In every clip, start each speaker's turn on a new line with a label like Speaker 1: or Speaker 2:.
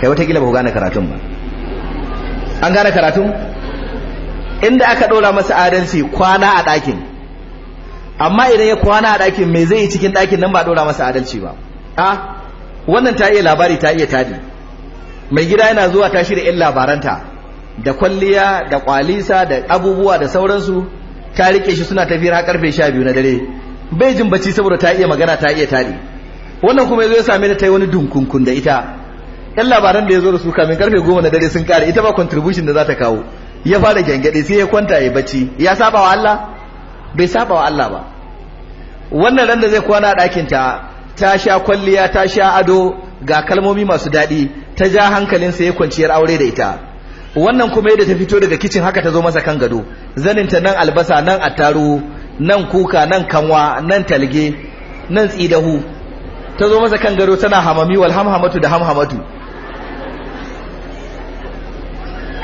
Speaker 1: kai gila ba ku gane karatun ba an gane karatun inda aka ɗora masa adalci kwana a ɗakin amma idan ya kwana a ɗakin me zai yi cikin ɗakin nan ba ɗora masa adalci ba a wannan ta iya labari ta iya tadi mai gida yana zuwa ta shirya 'yan labaranta da kwalliya da kwalisa da abubuwa da sauransu ta rike shi suna tafiyar har karfe sha biyu na dare bai jin bacci saboda ta iya magana ta iya tadi wannan kuma ya zo ya same ta yi wani dunkunkun da ita yan labaran da ya zo da su kamin karfe goma na dare sun kare ita ba contribution da za ta kawo ya fara gyangyaɗe sai ya kwanta ya bacci ya saba wa Allah bai saba wa Allah ba wannan ran da zai kwana a ɗakin ta ta sha kwalliya ta sha ado ga kalmomi masu daɗi ta ja hankalin sa ya kwanciyar aure da ita wannan kuma yadda ta fito daga kicin haka ta zo masa kan gado zaninta nan albasa nan attaru nan kuka nan kanwa nan talge nan tsidahu ta zo masa kan gado tana hamami wal da hamhamatu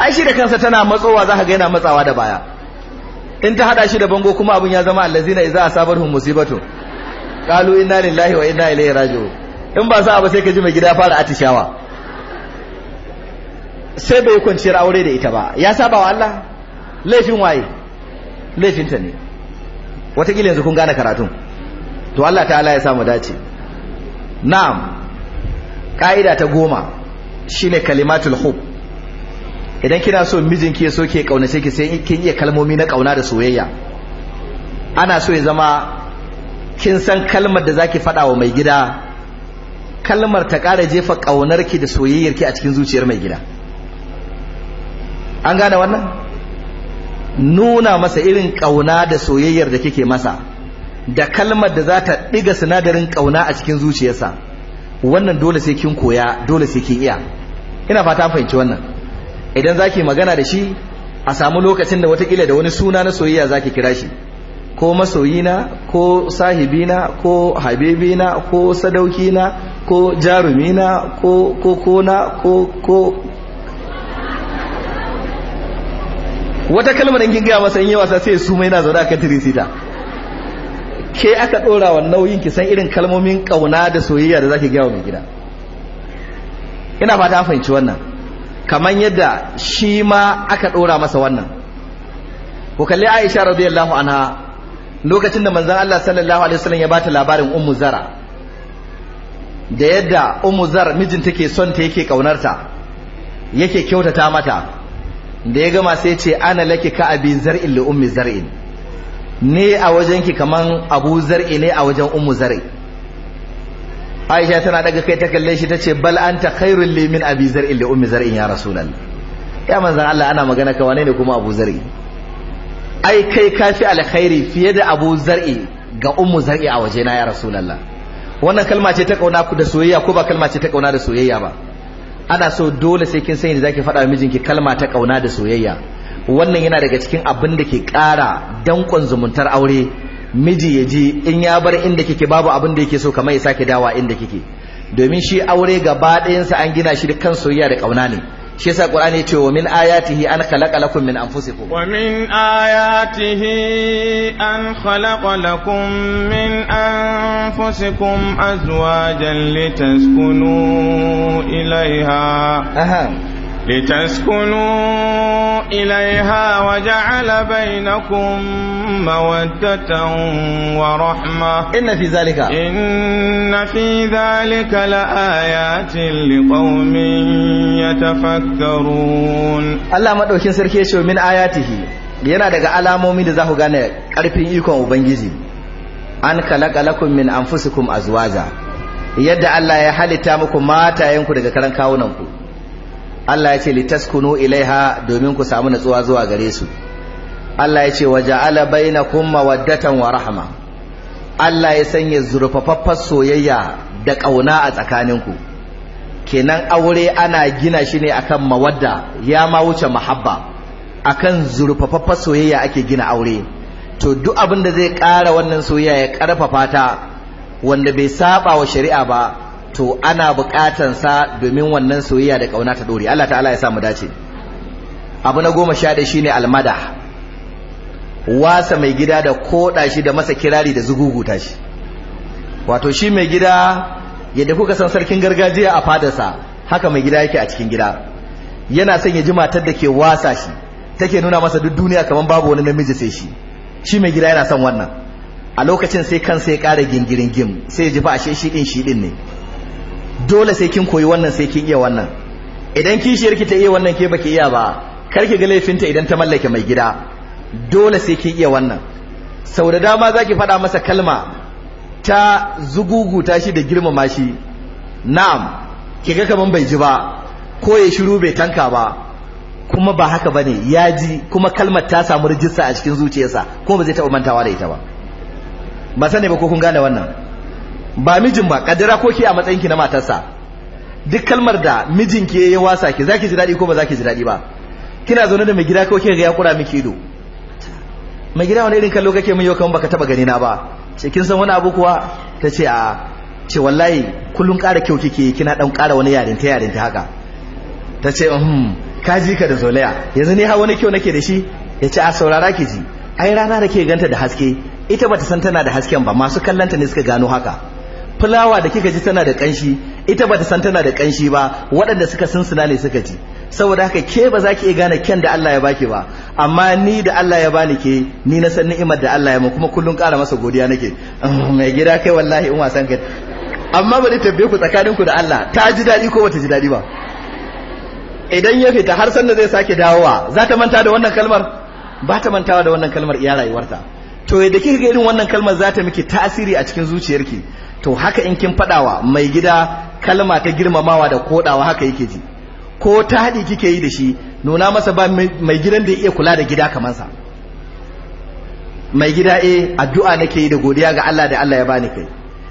Speaker 1: ai shi da kansa tana matsowa za ka ga yana matsawa da baya in ta hada shi da bango kuma abin ya zama allazina idza asabarhum musibatu qalu inna lillahi wa inna ilaihi raji'un in ba sa ba sai ka ji mai gida fara atishawa sai bai kwanciyar aure da ita ba ya saba wa Allah laifin waye laifin ta ne wataƙila yanzu kun gane karatun to Allah ta'ala ya samu dace na'am ka'ida ta goma shine kalimatul hub idan kina so mijinki ya so ke kaunace ki sai kin iya kalmomi na kauna da soyayya ana so ya zama kin san kalmar da zaki faɗa wa mai gida kalmar ta ƙara jefa ƙaunarki da soyayyarki a cikin zuciyar mai gida an gane wannan nuna masa irin ƙauna da soyayyar da kike masa da kalmar da za ta ɗiga sinadarin kauna a cikin zuciyarsa wannan dole sai kin koya dole sai kin iya ina fata fahimci wannan idan zaki magana da shi a samu lokacin da watakila da wani suna na soyayya zaki kira shi ko masoyina ko sahibina ko habibina ko sadaukina ko jarumina ko ko kona ko ko wata kalmar da kin gaya masa in yi wasa sai su mai na zaune akan tirisita ke aka dora wa nauyin ki san irin kalmomin kauna da soyayya da zaki gaya wa mai gida ina fata fahimci wannan kamar yadda shi ma aka ɗora masa wannan ku kalli aisha radiyallahu anha lokacin da manzon Allah sallallahu alaihi wasallam ya bata labarin ummu zara da yadda ummu zar mijin take son ta yake ta yake kyautata mata da ya gama sai ya ce ana laki ka abi zar'in li ummi zar'in ne a wajenki kaman abu zar'i ne a wajen ummu zar'i aisha tana daga kai ta kalle shi tace bal anta khairul li min abi zar'in li ummi zar'in ya rasulullah ya manzon Allah ana magana ka wane ne kuma abu zar'i ai kai kafi alkhairi fiye da abu zar'i ga ummu zar'i a waje na ya rasulullah wannan kalma ce ta kauna ku da soyayya ko ba kalma ce ta kauna da soyayya ba ana so dole sai kin sani da zaki faɗa mijinki kalma ta kauna da soyayya wannan yana daga cikin abin da ke ƙara danƙon zumuntar aure miji ya ji in ya bar inda kike babu abin da yake so kamar ya sake dawa inda kike domin shi aure gaba ɗayansa an gina shi da kan soyayya da ƙauna ne shi yasa qur'ani ya ce wa min ayatihi an khalaqa lakum min anfusikum wa
Speaker 2: min ayatihi an khalaqa lakum min anfusikum azwajan litaskunu ilaiha لتسكنوا إليها وجعل بينكم مودة ورحمة إن في ذلك إن في ذلك لآيات
Speaker 1: لقوم يتفكرون الله مدوكي سركيشو من آياته yana daga alamomi da za ku gane ƙarfin ikon ubangiji an kalaka lakum min anfusikum azwaja yadda Allah ya halitta maku matayenku daga karan kawunanku Allah ya ce litaskunu ilaiha domin ku samu natsuwa zuwa gare su Allah ya ce waja'ala bainakum mawaddatan wa rahma Allah ya sanya zurfafaffar soyayya da kauna a tsakaninku kenan aure ana gina shi ne akan mawadda ya ma wuce mahabba akan zurfafaffar soyayya ake gina aure to duk abin da zai ƙara wannan soyayya ya ƙarfafa ta wanda bai saba wa shari'a ba to ana bukatan sa domin wannan soyayya da kauna ta dore Allah ta'ala ya sa mu dace abu na goma sha da shine almada wasa mai gida da koda shi da masa kirari da zuguguta shi wato shi mai gida yadda kuka san sarkin gargajiya a fadarsa haka mai gida yake a cikin gida yana son ya ji matar da ke wasa shi take nuna masa duk duniya kamar babu wani namiji sai shi shi mai gida yana son wannan a lokacin sai kansa ya ƙara gingirin gim sai ya ji fa shi shi din shi din ne dole sai kin koyi wannan sai kin iya wannan idan kishiyar ki ta iya wannan ke baki iya ba kar ki ga laifinta idan ta mallake mai gida dole sai kin iya wannan sau da dama zaki faɗa masa kalma ta ta shi da girmama shi na'am ki ga kaman bai ji ba ko ya shiru bai tanka ba kuma ba haka bane ya ji kuma kalmar ta samu rijista a cikin zuciyarsa ko ba zai taɓa mantawa da ita ba ba sani ba ko kun gane wannan ba mijin ba kadira ko ke a matsayin ki na matarsa duk kalmar da mijin ki ya wasa ki zaki ji dadi ko ba zaki ji dadi ba kina zaune da mai gida ko ke ga ya miki ido mai gida wani irin kallo kake min yau kan baka taba gani na ba ce kin san wani abu kuwa ta a ce wallahi kullun ƙara kyau kike kina dan ƙara wani yarin ta haka ta ce um kaji ka da zolaya yanzu ne ha wani kyau nake da shi ya ce a saurara ki ji ai rana da ke ganta da haske ita bata san tana da hasken ba masu kallanta ne suka gano haka fulawa da kika ji tana da kanshi ita bata san tana da kanshi ba waɗanda suka sunsuna ne suka ji saboda haka ke ba za ki iya gane kyan da Allah ya baki ba amma ni da Allah ya bani ke ni na san ni'imar da Allah ya mu kuma kullun ƙara masa godiya nake ah, mai gida kai wallahi in wasan kai amma bari tabbe ku tsakaninku da Allah ta ji daɗi ko bata ji daɗi ba idan ya fita har sanda zai sake dawowa za ta manta da wannan kalmar ba ta mantawa da wannan kalmar iya rayuwarta to yadda kika ga irin wannan kalmar za ta miki tasiri a cikin zuciyarki to haka in kin fadawa mai gida kalma ta girmamawa da kodawa haka yake ji ko ta haɗi kike yi da shi nuna masa ba mai gidan da iya kula da gida kamar sa mai gida eh addu'a nake yi da godiya ga Allah da Allah ya bani kai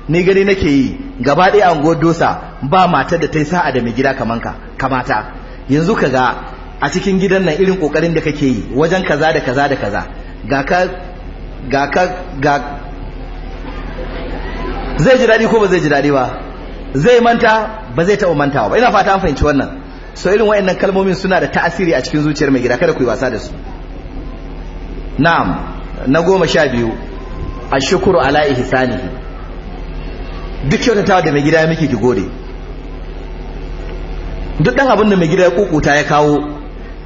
Speaker 1: ni gani nake yi gaba ɗaya an dosa ba mata da ta sa'a da mai gida kamar ka kamata yanzu kaga a cikin gidan nan irin kokarin da kake yi wajen kaza da kaza da kaza ga ka ga ka ga zai ji daɗi ko ba zai ji daɗi ba zai manta ba zai taɓa mantawa ba ina fata an fahimci wannan so irin wa'annan kalmomin suna da ta'asiri a cikin zuciyar mai gida kada ku yi wasa da su na'am na goma sha biyu a shukuru ala ihsanihi duk kyautatawa da mai gida ya miki ki gode duk ɗan abin da mai gida ya kukuta ya kawo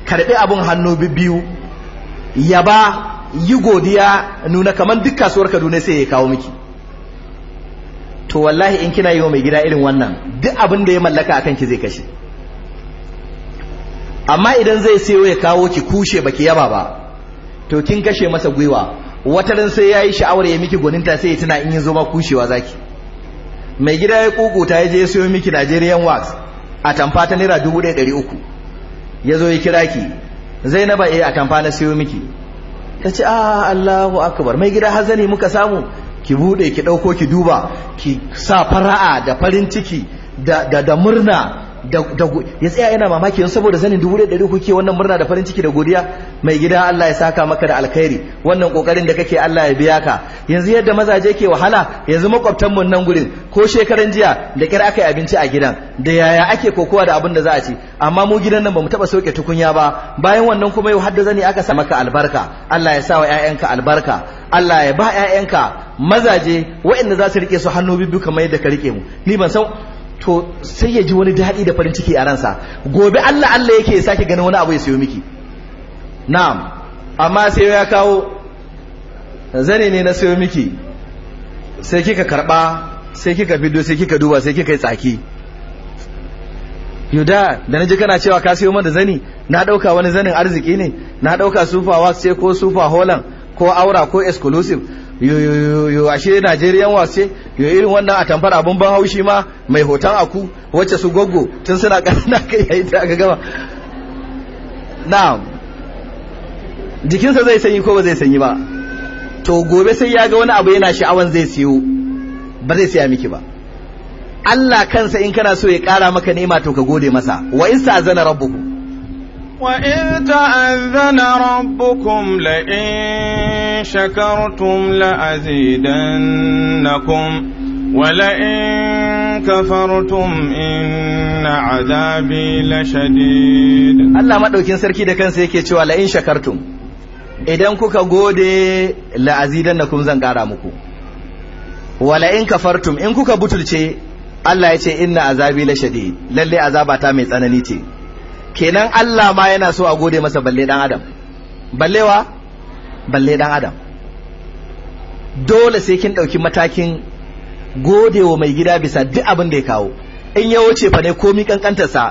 Speaker 1: karɓi abin hannu biyu ya ba yi godiya nuna kamar duk kasuwar kaduna sai ya kawo miki to wallahi in kina yi wa mai gida irin wannan duk abin da ya mallaka akan ki zai kashe amma idan zai sayo ya kawo ki kushe baki yaba ba to kin kashe masa gwiwa wata sai sai yayi sha'awar ya miki goninta sai ya tuna in yazo ma kushewa zaki mai gida ya kukuta ya je sayo miki Nigerian wax a tamfa ta naira 1300 yazo ya kira ki Zainaba eh a tamfa na sayo miki tace a ah, Allahu akbar mai gida hazali muka samu ki bude ki dauko ki duba ki sa fara'a da farin ciki da da, da murna ya tsaya yana mamaki don saboda zanin dubu ɗari kuke wannan murna da farin ciki da godiya mai gida Allah ya saka maka da alkhairi wannan kokarin da kake Allah ya biya ka yanzu yadda mazaje ke wahala yanzu makwabtan mu nan gurin ko shekaran jiya da kyar aka yi abinci a gidan da yaya ake kokowa da abin da za a ci amma mu gidan nan bamu taba sauke tukunya ba bayan wannan kuma yau hadda zani aka sa maka albarka Allah ya sa wa ƴaƴanka albarka Allah ya ba ƴaƴanka mazaje waɗanda za su rike su hannu bibbi kamar yadda ka rike mu ni ban san to sai ya ji wani daɗi da farin ciki a ransa gobe Allah Allah yake ya sake ganin wani abu ya sayo miki na'am amma sai ya kawo zane ne na sayo miki sai kika karba sai kika fido sai kika duba sai kika yi tsaki yuda da naji kana cewa ka sayo mana zani na dauka wani zanin arziki ne na dauka sufa wax ce ko sufa holan ko aura ko exclusive yoyoyo ashe najeriyan wase yo irin wannan a tamfar abin ban haushi ma mai hoton aku wacce su goggo tun suna ƙarana kai yayin ta aka gama na'am jikinsa zai sanyi ko ba zai sanyi ba to gobe sai ya ga wani abu yana sha'awan zai siyo ba zai siya miki ba Allah kansa in kana so ya ƙara maka nema to ka gode masa wa in zana وإذ تأذن
Speaker 2: ربكم لئن شكرتم لأزيدنكم ولئن كفرتم إن
Speaker 1: عذابي لشديد Allah مدوكين Sarki da kansa yake cewa la'in shakartum idan kuka gode la'azidannakum zan kara muku wala in kafartum in kuka butulce Allah ya ce inna azabi la lashadid lalle azabata mai tsanani ce kenan Allah ma yana so a gode masa balle dan adam ballewa balle dan adam dole sai kin ɗauki matakin godewa mai gida bisa duk abin da ya kawo in ya wuce fa ne komi kankantarsa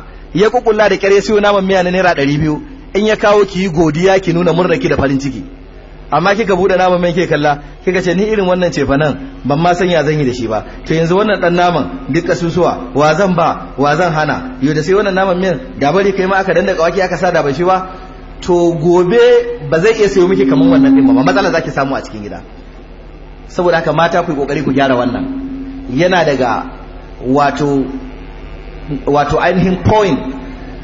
Speaker 1: ya kukulla da kyar ya siyo naman miya na naira ɗari biyu in ya kawo ki godiya ki nuna murna ki da farin ciki amma kika bude naman mai ke kalla kika ce ni irin wannan cefa nan ban ma sanya zan yi da shi ba to yanzu wannan dan naman duk kasusuwa wa zan ba wa zan hana yau da sai wannan naman min da bari kai ma aka danda kawaki aka sada ban shi ba to gobe ba zai iya sayo miki kaman wannan din ba matsala zaki samu a cikin gida saboda haka mata ku kokari ku gyara wannan yana daga wato wato ainihin point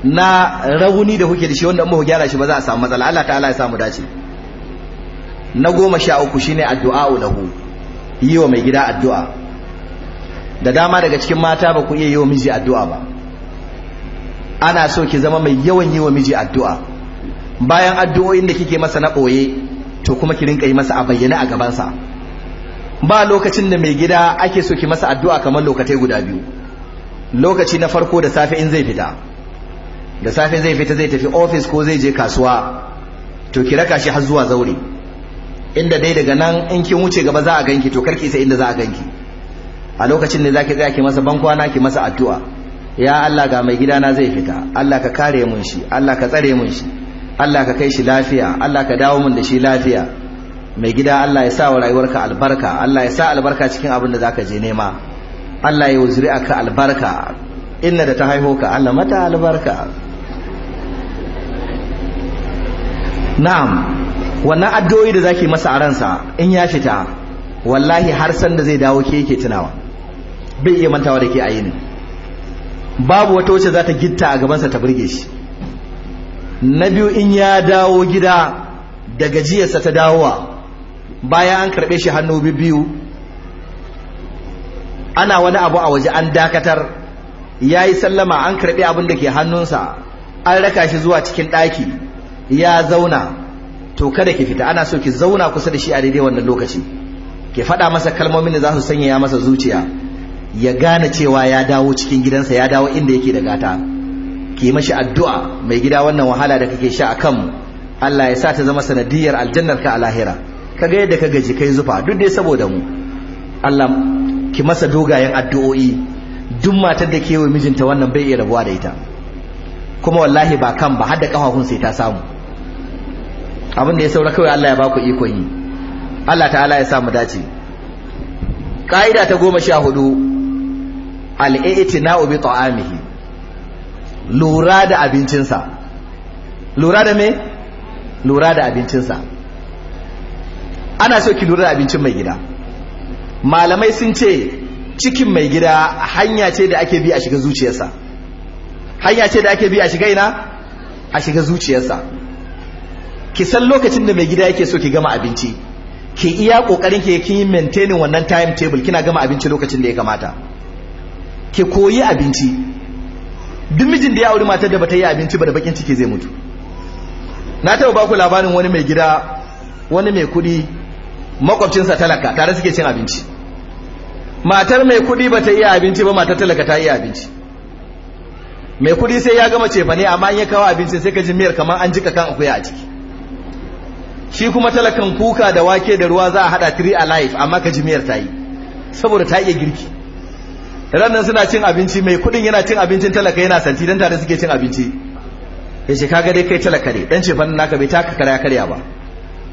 Speaker 1: na rauni da kuke da shi wanda in ba ku gyara shi ba za a samu matsala Allah ta'ala ya samu dace na goma sha uku shi ne addu'a lahu yi wa mai gida addu'a da dama daga cikin mata ba ku iya yi wa miji addu'a ba ana so ki zama mai yawan yi wa miji addu'a bayan addu'o'in da kike masa na ɓoye to kuma ki rinka yi masa a bayyane a gabansa ba lokacin da mai gida ake so ki masa addu'a kamar lokacai guda biyu lokaci na farko da safe in zai fita da safe zai fita zai tafi ofis ko zai je kasuwa to ki raka shi har zuwa zaure inda dai daga nan in kin wuce gaba za a ganki to karki sai inda za a ganki a lokacin ne zaki tsaya ki masa bankwana ki masa addu'a ya Allah ga mai gidana zai fita Allah ka kare mun shi Allah ka tsare mun shi Allah ka kai shi lafiya Allah ka dawo mun da shi lafiya mai gida Allah ya sa wa rayuwarka albarka Allah ya sa albarka cikin abin da zaka je nema Allah ya wuzuri aka albarka inna da ta haihu ka Allah mata albarka na'am wannan addu'o'i da zaki masa a ransa in ya fita wallahi har san da zai dawo ke yake tunawa bai iya mantawa da ke a yini babu wata wacce za ta gitta a gabansa ta burge shi na biyu in ya dawo gida da gajiyarsa ta dawowa bayan an karɓe shi hannu biyu ana wani abu a waje an dakatar ya yi sallama an karɓi abin da ke hannunsa an raka shi zuwa cikin ɗaki ya zauna to kada ki fita ana so ki zauna kusa da shi a daidai wannan lokaci ki faɗa masa kalmomin da za su sanyaya masa zuciya ya gane cewa ya dawo cikin gidansa ya dawo inda yake da gata ki mashi addu'a mai gida wannan wahala da kake sha akan Allah ya sa ta zama sanadiyar aljannar ka a lahira kaga yadda ka gaji kai zufa duk dai saboda mu Allah ki masa dogayen addu'o'i duk matar da ke wa mijinta wannan bai iya rabuwa da ita kuma wallahi ba kan ba har da kafafun sai ta samu abin da ya saura kawai Allah ya baku ikon yi Allah ta'ala ya samu dace ƙa'ida ta goma sha hudu al'i'itina'u bi ta'amihi lura da abincinsa lura da me lura da abincinsa ana so ki lura da abincin mai gida malamai sun ce cikin mai gida hanya ce da ake bi a shiga zuciyarsa hanya ce da ake bi a shiga ina a shiga zuciyarsa ki san lokacin da mai gida yake so ki gama abinci ki iya kokarin ki kin yi maintaining wannan time table kina gama abinci lokacin da ya kamata ki koyi abinci duk mijin da ya auri matar da bata yi abinci ba da bakin ciki zai mutu na taɓa ku labarin wani mai gida wani mai kuɗi sa talaka tare suke cin abinci matar mai kuɗi bata yi abinci ba matar talaka ta yi abinci mai kuɗi sai ya gama cefane amma in ya kawo abincin sai ka ji miyar kamar an jika kan akuya a ciki shi kuma talakan kuka da wake da ruwa za a hada three alive amma ka jimiyar ta yi saboda ta iya girki Rannan suna cin abinci mai kudin yana cin abincin talaka yana santi don tare suke cin abinci ya ce kaga dai kai talaka ne dan ce fannin naka bai taka karya karya ba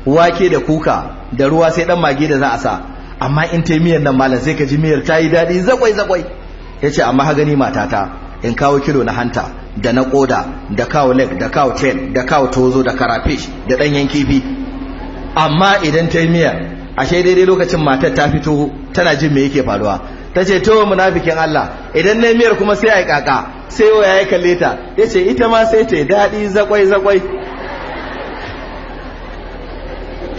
Speaker 1: wake da kuka da ruwa sai dan mage da za a sa amma in ta yi miyar nan malam sai ka ji miyar ta yi daɗi zakwai zakwai ya ce amma hagani matata in kawo kilo na hanta da na koda da kawo leg da kawo tail da kawo tozo da karafish da ɗanyen kifi amma idan ta yi miya ashe daidai lokacin matar ta fito tana jin mai yake faruwa ta ce to munafikin Allah idan na miyar kuma sai a yi kaka sai yau ya yi kalle ta ya ce ita ma sai ta yi daɗi zakwai zakwai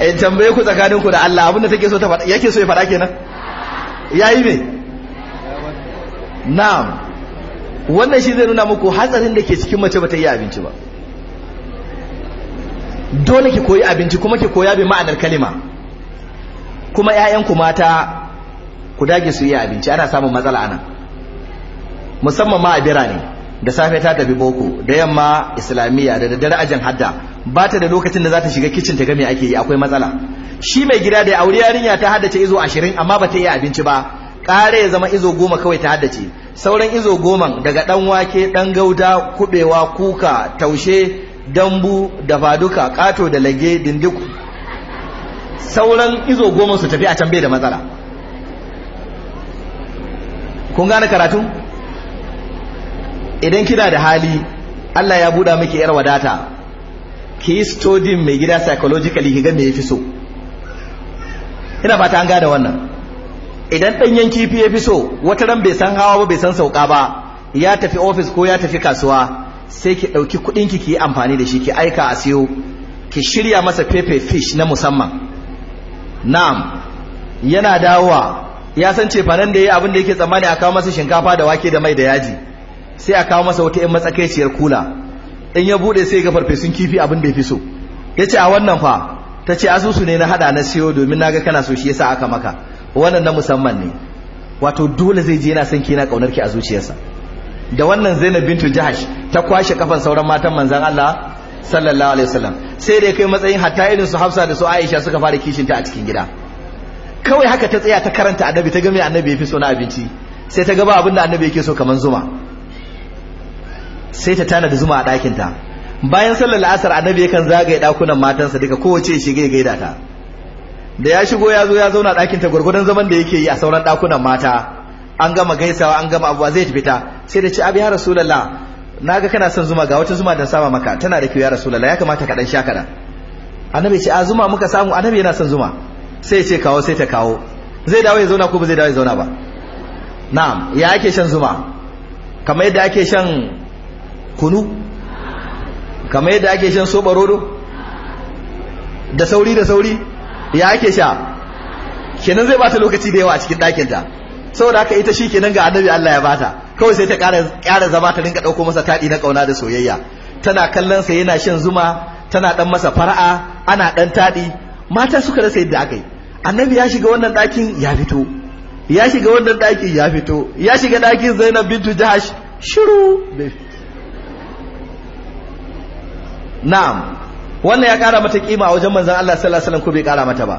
Speaker 1: in eh, tambaye ku tsakaninku da Allah abinda take so ta faɗa yake so ya faɗa kenan yi me na'am wannan shi zai nuna muku hatsarin da ke cikin mace bata yi abinci ba dole ki koyi abinci kuma ki koya bi ma'anar kalima kuma ƴaƴanku mata ku dage su iya abinci ana samun matsala ana musamman ma a birane da safe ta tafi boko da yamma islamiyya da daddare ajin hadda ba ta da lokacin da za ta shiga kicin ta ga me ake yi akwai matsala shi mai gida da aure yarinya ta haddace izo 20 amma ba ta iya abinci ba kare ya zama izo goma kawai ta haddace sauran izo goman daga dan wake dan gauda kubewa kuka taushe dambu da faduka kato da lage dindiku sauran izo goma su tafi a can bai da matsala kun gane karatu idan kina da hali Allah ya buɗa miki yar wadata ki study mai gida psychologically ki ga me yafi so ina fata an gane wannan idan ɗanyen kifi ya fi so wata ran bai san hawa ba bai san sauka ba ya tafi ofis ko ya tafi kasuwa sai ki ɗauki kuɗin ki yi amfani da shi ki aika a siyo ki shirya masa pepe fish na musamman na'am yana dawowa ya san ce nan da ya abin da yake tsammani a kawo masa shinkafa da wake da mai da yaji sai a kawo masa wata 'yan matsakaiciyar kula in ya bude sai ga farfesun kifi abin da yafi so yace a wannan fa tace asusu ne na hada na siyo domin na ga kana so shi yasa aka maka wannan na musamman ne wato dole zai je yana son ki yana kaunar ki a zuciyarsa da wannan Zainab bintu Jahash ta kwashe kafan sauran matan Manzan Allah sallallahu alaihi wasallam sai da kai matsayin hatta irin su Hafsa da su Aisha suka fara kishin ta a cikin gida kawai haka ta tsaya ta karanta annabi ta ga mai annabi yafi so na abinci sai ta ga ba abin da annabi yake so kaman zuma sai ta tana da zuma a ɗakin ta bayan sallar la'asar annabi yakan zagaye ɗakunan matansa duka kowace shige gaida ta da ya shigo ya zo ya zauna ɗakin ta gurgurdan zaman da yake yi a sauran ɗakunan mata an gama gaisawa an gama abuwa zai fita sai da ce abu ya na naga kana son zuma ga wata zuma da sama maka tana da kyau ya rasulullah ya kamata ka dan sha kada annabi ce a zuma muka samu annabi yana son zuma sai ce kawo sai ta kawo zai dawo ya zauna ko ba zai dawo ya zauna ba na'am ya ake shan zuma kamar yadda ake shan kunu kamar yadda ake shan soba rodo da sauri da sauri ya ake sha kenan zai bata lokaci da yawa a cikin ɗakinta saboda haka ita shi kenan ga annabi Allah ya bata kawai sai ta ƙara zama ta rinka ɗauko masa taɗi na ƙauna da soyayya tana kallon sa yana shan zuma tana ɗan masa fara'a ana ɗan taɗi mata suka rasa yadda aka yi annabi ya shiga wannan ɗakin ya fito ya shiga wannan ɗakin ya fito ya shiga ɗakin zainab bintu jahash shiru na'am wannan ya ƙara mata kima a wajen manzon Allah sallallahu alaihi wasallam ko bai ƙara mata ba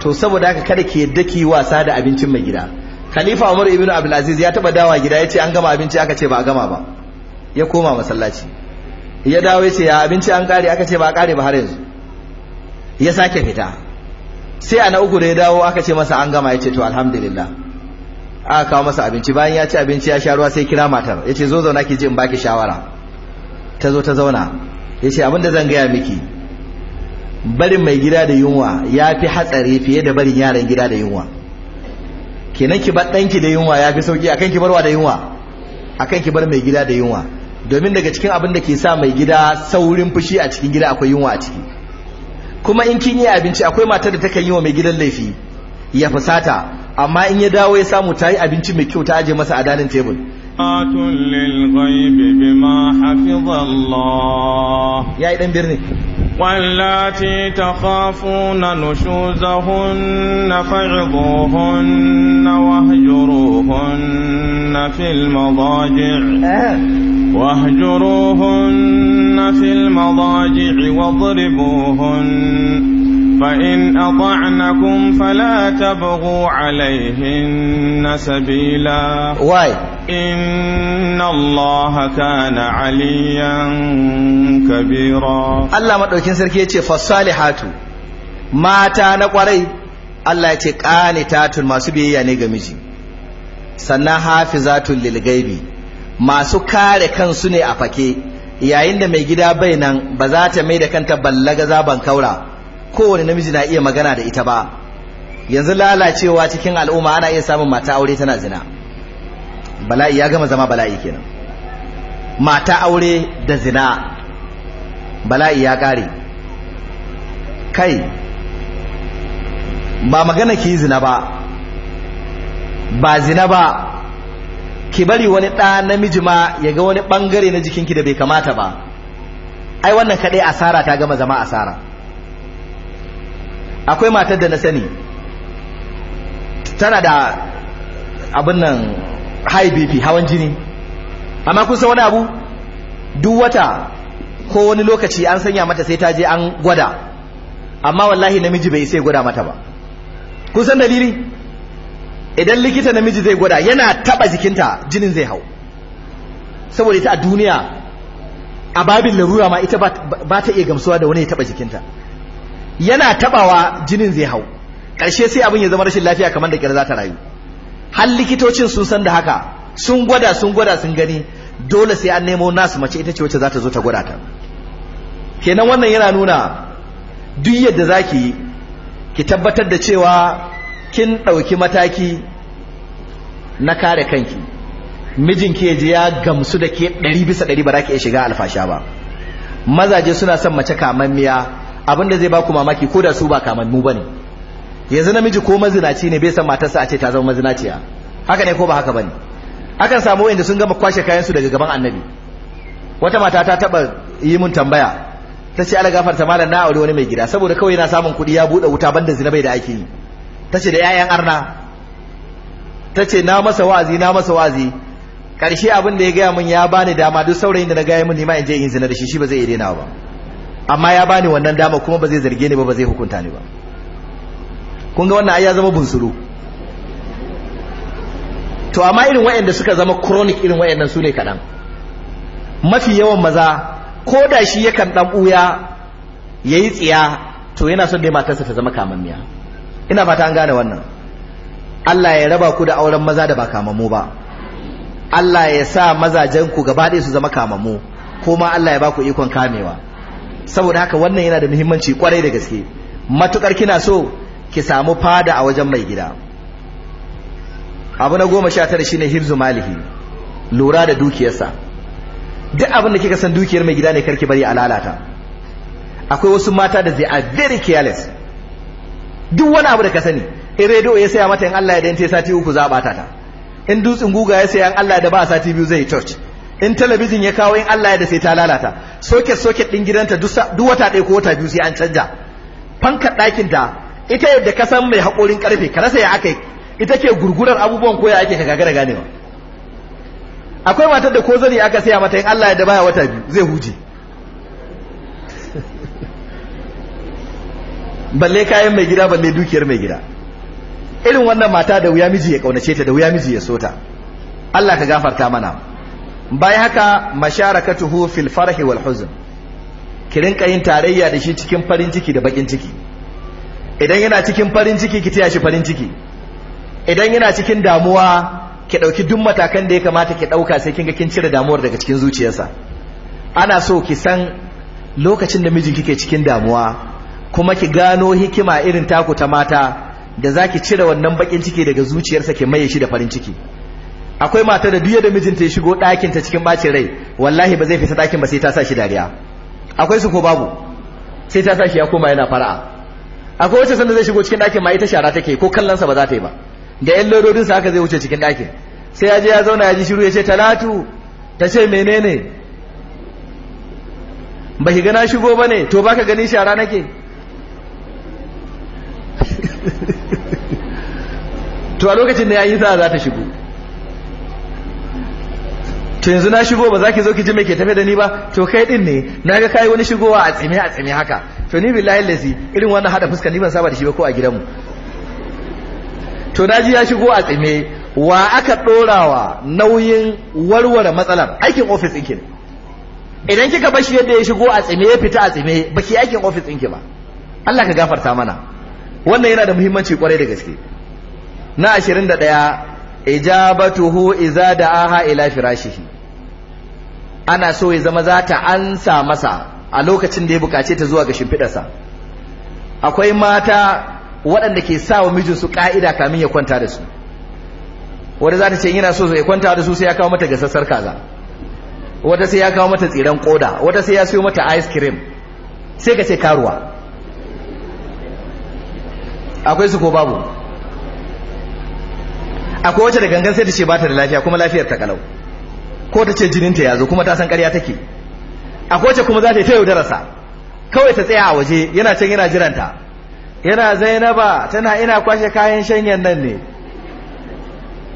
Speaker 1: to saboda haka kada ki yadda ki wasa da abincin mai gida khalifa umar ibn abdul aziz ya taba dawa gida yace an gama abinci aka ce ba a gama ba ya koma masallaci ya dawo yace ya abinci an kare aka ce ba a kare ba har yanzu ya sake fita sai a na uku da ya dawo aka ce masa an gama yace to alhamdulillah aka kawo masa abinci bayan ya ci abinci ya sha ruwa sai kira matar yace zo zauna ki je in baki shawara ta zo ta zauna yace abin da zan gaya miki barin mai gida da yunwa ya fi hatsari fiye da barin yaran gida da yunwa kenan ki bar danki da yunwa ya fi sauki akan ki barwa da yunwa akan ki bar mai gida da yunwa domin daga cikin abin da ke sa mai gida saurin fushi a cikin gida akwai yunwa a ciki kuma in kin yi abinci akwai matar da takan yi wa mai gidan laifi ya fusata amma in ya dawo ya samu ta yi abinci mai kyau ta aje masa a danin tebul
Speaker 2: ya yi dan birni واللاتي تخافون نشوزهن فعظوهن واهجروهن في المضاجع واهجروهن في المضاجع واضربوهن فإن أطعنكم فلا تبغوا عليهن سبيلا واي إن الله
Speaker 1: كان عليا kabira Allah madaukin sarki yace salihatu mata na kwarai Allah yace qanitatun masu biyayya ne ga miji sannan hafizatul lil gaibi masu kare kansu ne a fake yayin da mai gida bai nan ba za ta mai da kanta ballaga zaban kaura kowane namiji na iya magana da ita ba yanzu lalacewa cikin al'umma ana iya samun mata aure tana zina bala'i ya gama zama bala'i kenan mata aure da zina bala'i ya kare kai ba magana ki zina ba ba zina ba ki bari wani ɗa namiji ma ya ga wani ɓangare na jikinki da bai kamata ba ai wannan kaɗai asara ta gama zama asara akwai matar da na sani tana da abin nan high bp hawan jini amma kun san wani abu duk wata ko wani lokaci an sanya mata sai ta je an gwada amma wallahi namiji bai sai gwada mata ba kun san dalili idan likita namiji zai gwada yana taba jikinta jinin zai hau saboda ita a duniya a babin larura ma ita ba ta iya gamsuwa da wani ya taba jikinta yana tabawa jinin zai hau ƙarshe sai abin ya zama rashin lafiya kamar da kyar za ta rayu har likitocin sun san da haka sun gwada sun gwada sun gani dole sai an nemo nasu mace ita ce wacce za ta zo ta gwada ta kenan wannan yana nuna duk yadda za ki yi ki tabbatar da cewa kin ɗauki mataki na kare kanki mijinki ya ji ya gamsu da ke ɗari bisa ɗari ba za ki iya shiga alfasha ba mazaje suna son mace kamammiya abin da zai ba ku mamaki ko da su ba kamammu ba ne yanzu namiji ko mazinaci ne bai san matarsa a ce ta zama mazinaciya haka ne ko ba haka ba ne akan samu wanda sun gama kwashe kayansu daga gaban annabi wata mata ta taɓa yi mun tambaya ta ce ana gafarta malam na aure wani mai gida saboda kawai yana samun kuɗi ya buɗe wuta banda zina bai da ake yi ta ce da 'ya'yan arna ta ce na masa wa'azi na masa wa'azi karshe abin da ya gaya min ya bani dama duk saurayin da na gaya min ma in je in zina da shi shi ba zai daina ba amma ya bani wannan dama kuma ba zai zarge ni ba ba zai hukunta ni ba kun ga wannan ai ya zama bunsuru to amma irin waɗanda suka zama chronic irin waɗannan su ne kaɗan mafi yawan maza ko da shi yakan dan ya yi tsiya to yana son dai matarsa ta zama kamammiya ina fata an gane wannan Allah ya raba ku da auren maza da ba kamammu ba Allah ya sa mazajen ku gaba ɗaya su zama kamammu kuma Allah ya ba ku ikon kamewa saboda haka wannan yana da muhimmanci kwarai da gaske matukar kina so ki samu fada a wajen mai gida abu na goma sha tara shine hibzu malihi lura da dukiyarsa duk abin da kika san dukiyar mai gida ne karki bari a lalata akwai wasu mata da zai are very careless duk wani abu da ka sani in rediyo ya saya mata in Allah ya dace sati uku za ba in dutsen guga ya saya in Allah da ba sati biyu zai church in talabijin ya kawo in Allah ya da sai ta lalata soket soket din gidanta duk wata ɗaya ko wata biyu sai an canja fankar ɗakin ta ita yadda ka san mai haƙorin ƙarfe ka rasa ya aka ita ke gurgurar abubuwan koya ake ka da ganewa akwai matar da ko zani aka saya mata in Allah ya da baya wata biyu zai huje balle kayan mai gida balle dukiyar mai gida irin wannan mata da wuya miji ya kaunace ta da wuya miji ya sota Allah ka gafarta mana bayan haka masharakatuhu fil farhi wal huzn ki rinka yin tarayya da shi cikin farin ciki da bakin ciki idan yana cikin farin ciki ki taya shi farin ciki idan yana cikin damuwa ki ɗauki duk matakan da ya kamata ki ɗauka sai kin ga kin cire damuwar daga cikin zuciyarsa ana so ki san lokacin da mijinki ke cikin damuwa kuma ki gano hikima irin taku ta mata da za ki cire wannan bakin ciki daga zuciyarsa ki maye shi da farin ciki akwai mata da duk da mijinta ya shigo ɗakin ta cikin bacin rai wallahi ba zai fita ɗakin ba sai ta sa shi dariya akwai su ko babu sai ta sa shi ya koma yana fara'a akwai wacce sanda zai shigo cikin ɗakin ma ita shara take ko kallonsa ba za ta yi ba da yan lododinsa aka zai wuce cikin ɗakin sai ya je ya zauna ya ji shiru ya ce talatu ta ce menene ba ki gana shigo ba ne to baka gani shara nake to a lokacin da ya yi za za ta shigo to yanzu na shigo ba za ki zo ki ji mai ke tafe da ni ba to kai din ne na ga kai wani shigowa a tsime a tsime haka to ni bi lazi irin wannan hada fuska ni ban saba da shi ba ko a gidanmu to daji ya shigo a tsime wa aka wa nauyin warware matsalar aikin ofis ɗinki idan kika bashi yadda ya shigo a tsime ya fita a tsime baki aikin ofis ɗinki ba Allah ka gafarta mana wannan yana da muhimmanci kwarai da gaske na ashirin da ɗaya ijabatuhu iza da aha ila firashihi ana so ya zama zata ansa masa a lokacin da ya bukace ta zuwa ga shimfiɗarsa akwai mata waɗanda ke sa wa mijinsu ƙa'ida kamin ya kwanta da su wadda za ta ce yana so ya kwanta da su sai ya kawo mata gasassar kaza wadda sai ya kawo mata tsiran koda wadda sai ya siyo mata ice cream sai ka ce karuwa akwai su ko babu akwai wacce da gangan sai ta ce ba ta da lafiya kuma lafiyar ta kalau ko ta ce jininta ya zo kuma ta san ƙarya take akwai wacce kuma za ta yi ta yaudararsa kawai ta tsaya a waje yana can yana jiranta yana zainaba tana ina kwashe kayan shanyen nan ne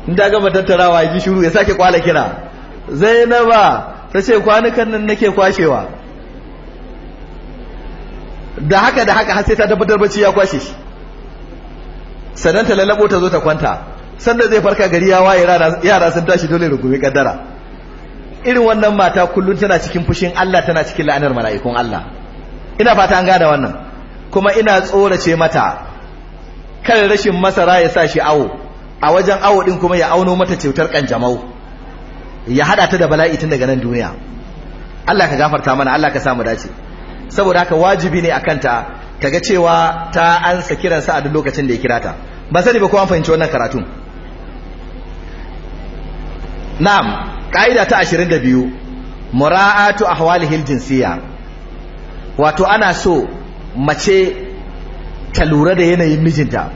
Speaker 1: inda gama tattarawa ji shiru ya sake kwala kira zainaba ta ce kwanukan nan nake kwashewa da haka da haka har sai ta tabbatar bacci ya kwashe shi sannan ta lalabo ta zo ta kwanta sanda zai farka gari ya waye yara sun tashi dole rugumi kaddara irin wannan mata kullum tana cikin fushin Allah tana cikin la'anar mala'ikun Allah ina fata an gane wannan kuma ina tsorace mata kan rashin masara ya sa shi awo a wajen awo din kuma ya auno mata cutar kanjamau ya hada ta da bala'i tun daga nan duniya Allah ka gafarta mana Allah ka samu mu dace saboda haka wajibi ne akan ta kaga cewa ta ansa sa a duk lokacin da ya kira ta ban sani ba ko an fahimci wannan karatun na'am ka'ida ta 22 mura'atu ahwalihil jinsiya wato ana so mace ta lura da yanayin mijinta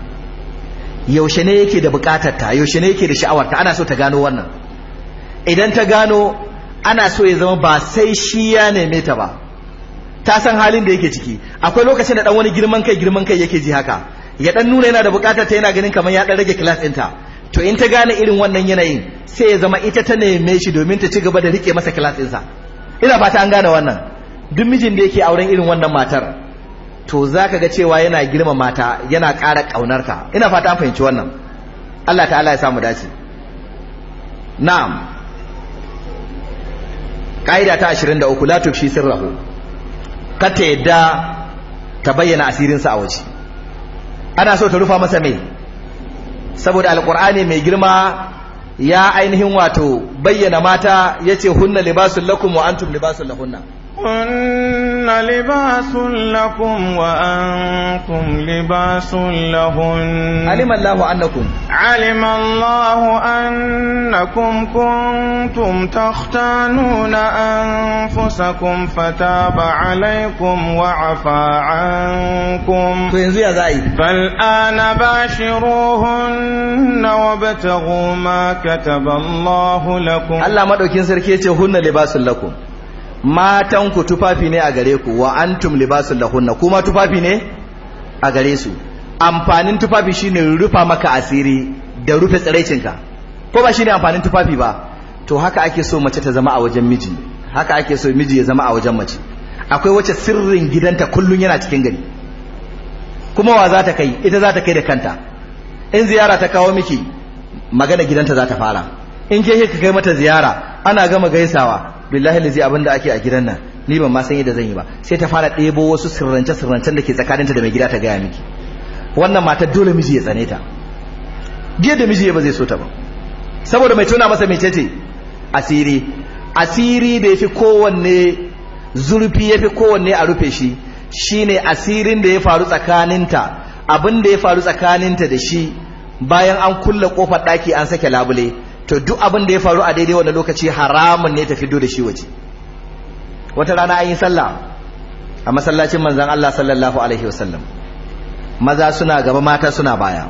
Speaker 1: yaushe ne yake da bukatarta yaushe ne yake da sha'awarta ana so ta gano wannan idan ta gano ana so ya zama ba sai shi ya neme ta ba ta san halin da yake ciki akwai lokacin da dan wani girman kai girman kai yake ji haka ya dan nuna yana da bukatar ta yana ganin kamar ya dan rage class ɗinta to in ta gane irin wannan yanayin sai ya zama ita ta neme shi domin ta ci gaba da rike masa class ɗinsa ina fata an gane wannan duk mijin da yake auren irin wannan matar to za ka ga cewa yana girmama ta yana ƙara ƙaunarta ina fata fahimci wannan Allah ta'ala ya samu dace na'am ƙa'ida ta 23 la tukshi sirrahu ta yadda ta bayyana asirinsa a waje ana so ta rufa masa mai saboda alƙur'ani mai girma ya ainihin wato bayyana mata yace hunna libasul lakum wa antum libasul lahunna
Speaker 2: هن لباس لكم وأنتم لباس لهن علم الله أنكم علم الله أنكم كنتم تختانون أنفسكم فتاب عليكم وعفى عنكم فالآن باشروهن وابتغوا ما كتب الله لكم الله ما دوكين سركيتي هن لباس
Speaker 1: لكم Matanku tufafi ne a gare ku wa antum libasul lahunna kuma tufafi ne a gare su amfanin tufafi shine rufa maka asiri da rufe tsiraicinka ko ba shine amfanin tufafi ba to haka ake so mace ta zama a wajen miji haka ake so miji ya zama a wajen mace akwai wace sirrin gidanta kullun yana cikin gari kuma wa za ta kai ita za ta kai da kanta in ziyara ta kawo miki magana gidanta za ta fara in ke ka kai mata ziyara ana gama gaisawa billahi lazi abinda ake a gidan nan ni ban ma san yadda zan yi ba sai ta fara ɗebo wasu sirrance sirrance da ke tsakaninta da mai gida ta gaya miki wannan matar dole miji ya tsane ta biyar da miji ya ba zai so ta ba saboda mai tona masa mecece asiri asiri da ya fi kowanne zurfi ya fi kowanne a rufe shi shine asirin da ya faru tsakaninta abin da ya faru tsakaninta da shi bayan an kulle kofar ɗaki an sake labule to duk abin da ya faru a daidai wannan lokaci haramun ne ta fito da shi waje wata rana an yi sallah a masallacin manzan Allah sallallahu alaihi wasallam maza suna gaba mata suna baya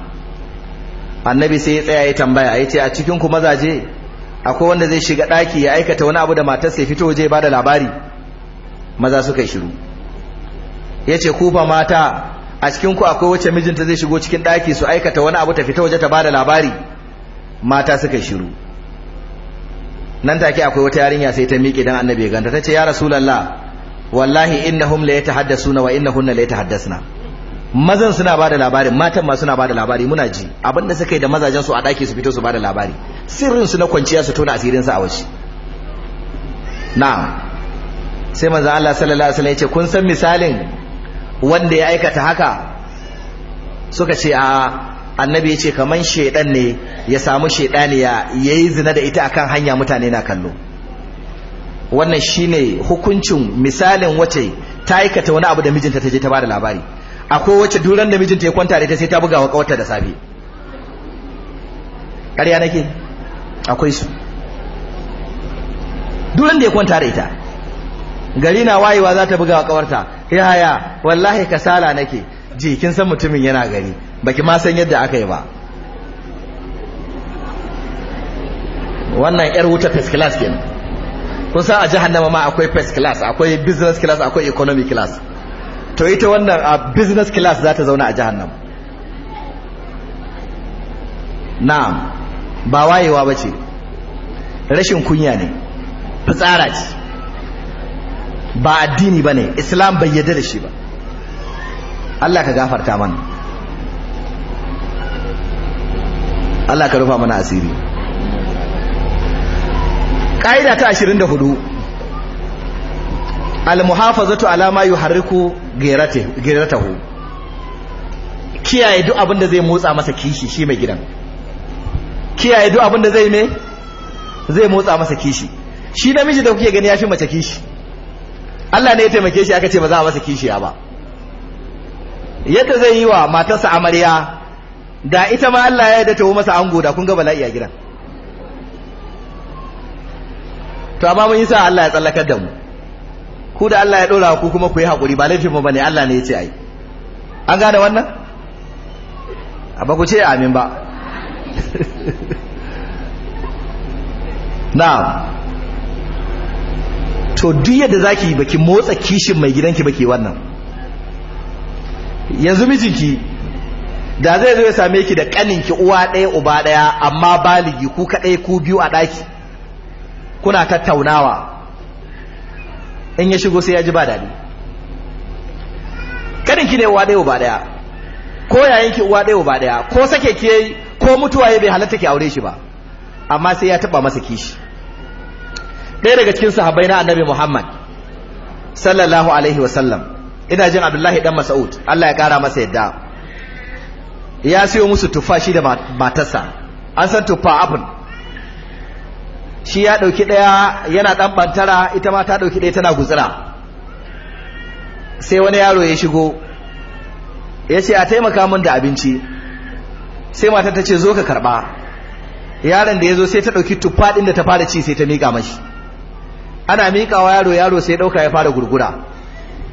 Speaker 1: annabi sai ya tsaya ya tambaya ya ce a cikin mazaje akwai wanda zai shiga daki ya aikata wani abu da matarsa ya fito waje ya da labari maza suka yi shiru ya ce ku mata a cikin akwai wacce mijinta zai shigo cikin daki su aikata wani abu ta fita waje ta ba da labari mata suka shiru nan take akwai wata yarinya sai ta miƙe dan annabi ya ganta tace ya rasulullah wallahi innahum la yatahaddasuna wa innahunna la yatahaddasna mazan suna bada labari matan ma suna bada labari muna ji abinda suka yi da mazajen su a daki su fito su bada labari sirrin su na kwanciya su tona asirin su a waje na'am sai manzo Allah sallallahu alaihi wasallam ya ce kun san misalin wanda ya aikata haka suka ce a annabi ya ce kaman shaidan ne ya samu shaidaniya ya yi zina da ita akan hanya mutane na kallo wannan shine hukuncin misalin wace ta aikata wani abu da mijinta ta je ta bada labari akwai wace duran da mijinta ya kwanta da ita sai ta buga wa kawarta da safe ƙarya nake akwai su duran da ya kwanta da ita gari na wayewa za ta buga wa kawarta yaya wallahi kasala nake jikin kin san mutumin yana gari baki ma san yadda aka yi ba wannan yar wuta first class kenan kun san a jahannama ma akwai first class akwai business class akwai economy class to ita wannan a business class za ta zauna a jahannama na'am ba wayewa bace rashin kunya ne fitsara ce ba addini bane islam bai yarda da shi ba Allah ka gafarta mana Allah ka rufa mana asiri ƙa'ida ta 24 almuhafazatu ala ma yuharriku gairatahu kiyaye duk abinda zai motsa masa kishi shi mai gidan kiyaye duk abinda zai me zai motsa masa kishi shi namiji da kuke gani ya fi mace kishi Allah ne ya taimake shi aka ce ba za a masa kishiya ba yadda zai yi wa matarsa amarya da ita ma Allah ya yarda ta masa ango da kun ga bala'i a gidan to amma mun yi sa Allah ya tsallakar da mu ku da Allah ya dora ku kuma ku yi hakuri ba laifin mu bane Allah ne ya ce ai an gane wannan a ku ce amin ba na'am to duk yadda zaki baki motsa kishin mai gidanki baki wannan yanzu mijinki da zai zo ya same ki da kaninki uwa ɗaya uba ɗaya amma baligi ku kaɗai ku biyu a ɗaki kuna tattaunawa in ya shigo sai ya ji ba daɗi kaninki ne uwa ɗaya uba ɗaya ko yayinki uwa ɗaya uba ɗaya ko sake ke ko mutuwa ya bai halatta ki aure shi ba amma sai ya taɓa masa kishi ɗaya daga cikin sahabbai na annabi muhammad sallallahu alaihi wasallam ina jin abdullahi dan mas'ud allah ya ƙara masa yadda ya siyo musu tuffa shi da matarsa an san tuffa abin shi ya ɗauki ɗaya yana ɗan bantara ita ma ta ɗauki ɗaya tana gutsira sai wani yaro ya shigo ya ce a taimaka min da abinci sai mata ta ce zo ka karɓa yaron da ya zo sai ta ɗauki tuffa ɗin da ta fara ci sai ta miƙa mashi ana miƙawa yaro yaro sai ɗauka ya fara gurgura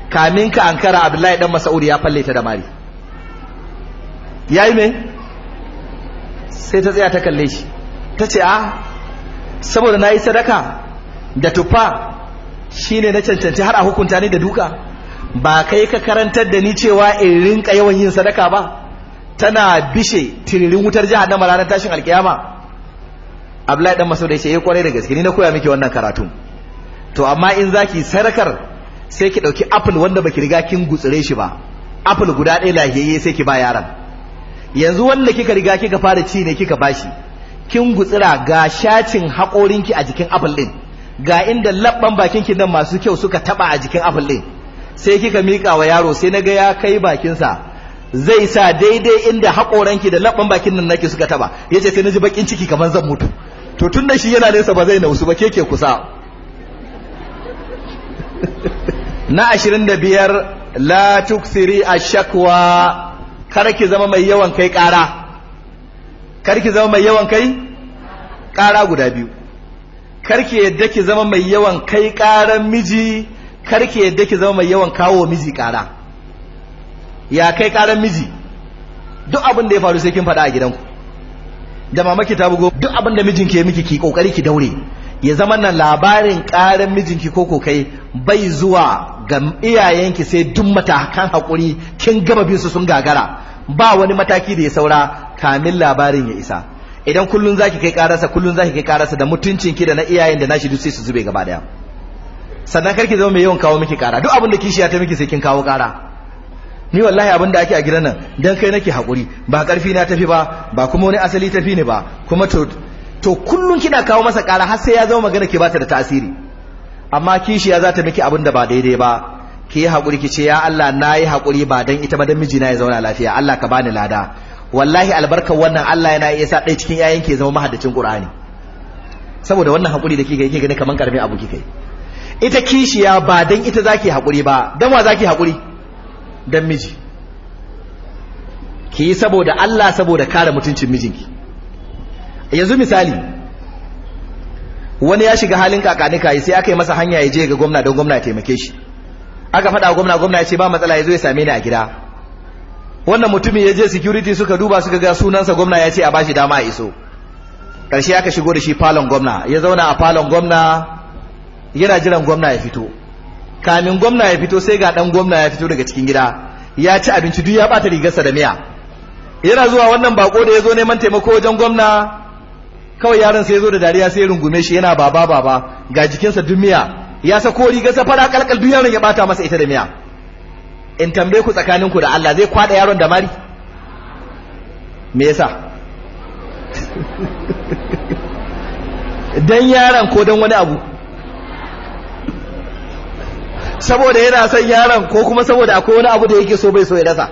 Speaker 1: kamin ka ankara abdullahi dan masa'udi ya falle ta da mari ya yi mai sai ta tsaya ta kalle shi ta ce a ah, saboda na yi sadaka da tuffa shi ne na cancanci har a hukunta ni da duka ba kai ka karantar da ni cewa in rinka yawan yin sadaka ba tana bishe tiririn wutar jihar na ranar tashin alkiyama Abdullahi dan ya ya yi eh, kwarai da gaske ni na koya miki wannan karatun to amma in zaki sadakar sai ki ɗauki apple wanda baki riga kin gutsire shi ba apple guda ɗaya lahiyayye sai ki ba yaran yanzu wanda kika riga kika fara ci ne kika bashi kin gutsira ga shacin haƙorinki a jikin apple din ga inda labban bakinki nan masu kyau suka taba a jikin apple din sai kika mika wa yaro sai naga ya kai bakinsa zai sa daidai inda haƙoranki da labban bakin nan nake suka taba yace sai naji bakin ciki kamar zan mutu to tun da shi yana nesa ba zai nausu ba keke kusa na 25 la tuksiri ashakwa kar ki zama mai yawan kai ƙara kar ki zama mai yawan kai ƙara guda biyu kar ki yadda ki zama mai yawan kai ƙaran miji kar ki yadda ki zama mai yawan kawo miji ƙara ya kai ƙaran miji duk abin da ya faru sai kin faɗa a gidanku da mamaki ta bugo duk abin da mijinki ya miki ki ƙoƙari ki daure ya zama nan labarin ƙarin mijinki ko ko kai bai zuwa ga iyayenki sai duk matakan haƙuri kin gaba bin su sun gagara ba wani mataki da ya saura kamin labarin ya isa idan kullun zaki kai karasa kullun zaki kai karasa da ki da na iyayen da nashi duk sai su zube gaba daya sannan karki zama mai yawan kawo miki kara duk abin da kishiya ta miki sai kin kawo kara ni wallahi abin da ake a gidan nan dan kai nake haƙuri ba ƙarfi na tafi ba ba kuma wani asali tafi ne ba kuma to to kullun kina kawo masa ƙara har sai ya zama magana ke bata da tasiri amma kishiya za ta miki abin da ba daidai ba ki yi haƙuri ki ce ya Allah na yi haƙuri ba don ita ba don mijina ya zauna lafiya Allah ka bani lada wallahi albarkar wannan Allah yana iya sa ɗaya cikin yayan ke zama mahaddacin Qur'ani saboda wannan haƙuri da kike yi kika ne kaman karamin abu kike yi ita kishiya ba don ita zaki haƙuri ba don wa zaki haƙuri don miji ki yi saboda Allah saboda kare mutuncin mijinki yanzu misali wani ya shiga halin kakanika sai aka yi masa hanya ya je ga gwamna don gwamna ya taimake shi aka faɗa gwamna gwamna ya ce ba matsala ya zo ya same ni a gida wannan mutumin ya je security suka duba suka ga sunansa gwamna ya ce a bashi dama a iso ƙarshe aka shigo da shi falon gwamna ya zauna a falon gwamna yana jiran gwamna ya fito kamin gwamna ya fito sai ga dan gwamna ya fito daga cikin gida ya ci abinci duk ya ɓata rigarsa da miya yana zuwa wannan bako da ya zo neman taimako wajen gwamna kawai yaron sai ya zo da dariya sai ya rungume shi yana baba baba ga jikinsa duk miya ya sako riga sa fara kalkal duk yaron ya bata masa ita da miya in tambaye ku tsakanin ku da Allah zai kwada yaron da mari me yasa dan yaron ko dan wani abu saboda yana son yaron ko kuma saboda akwai wani abu da yake so bai so ya rasa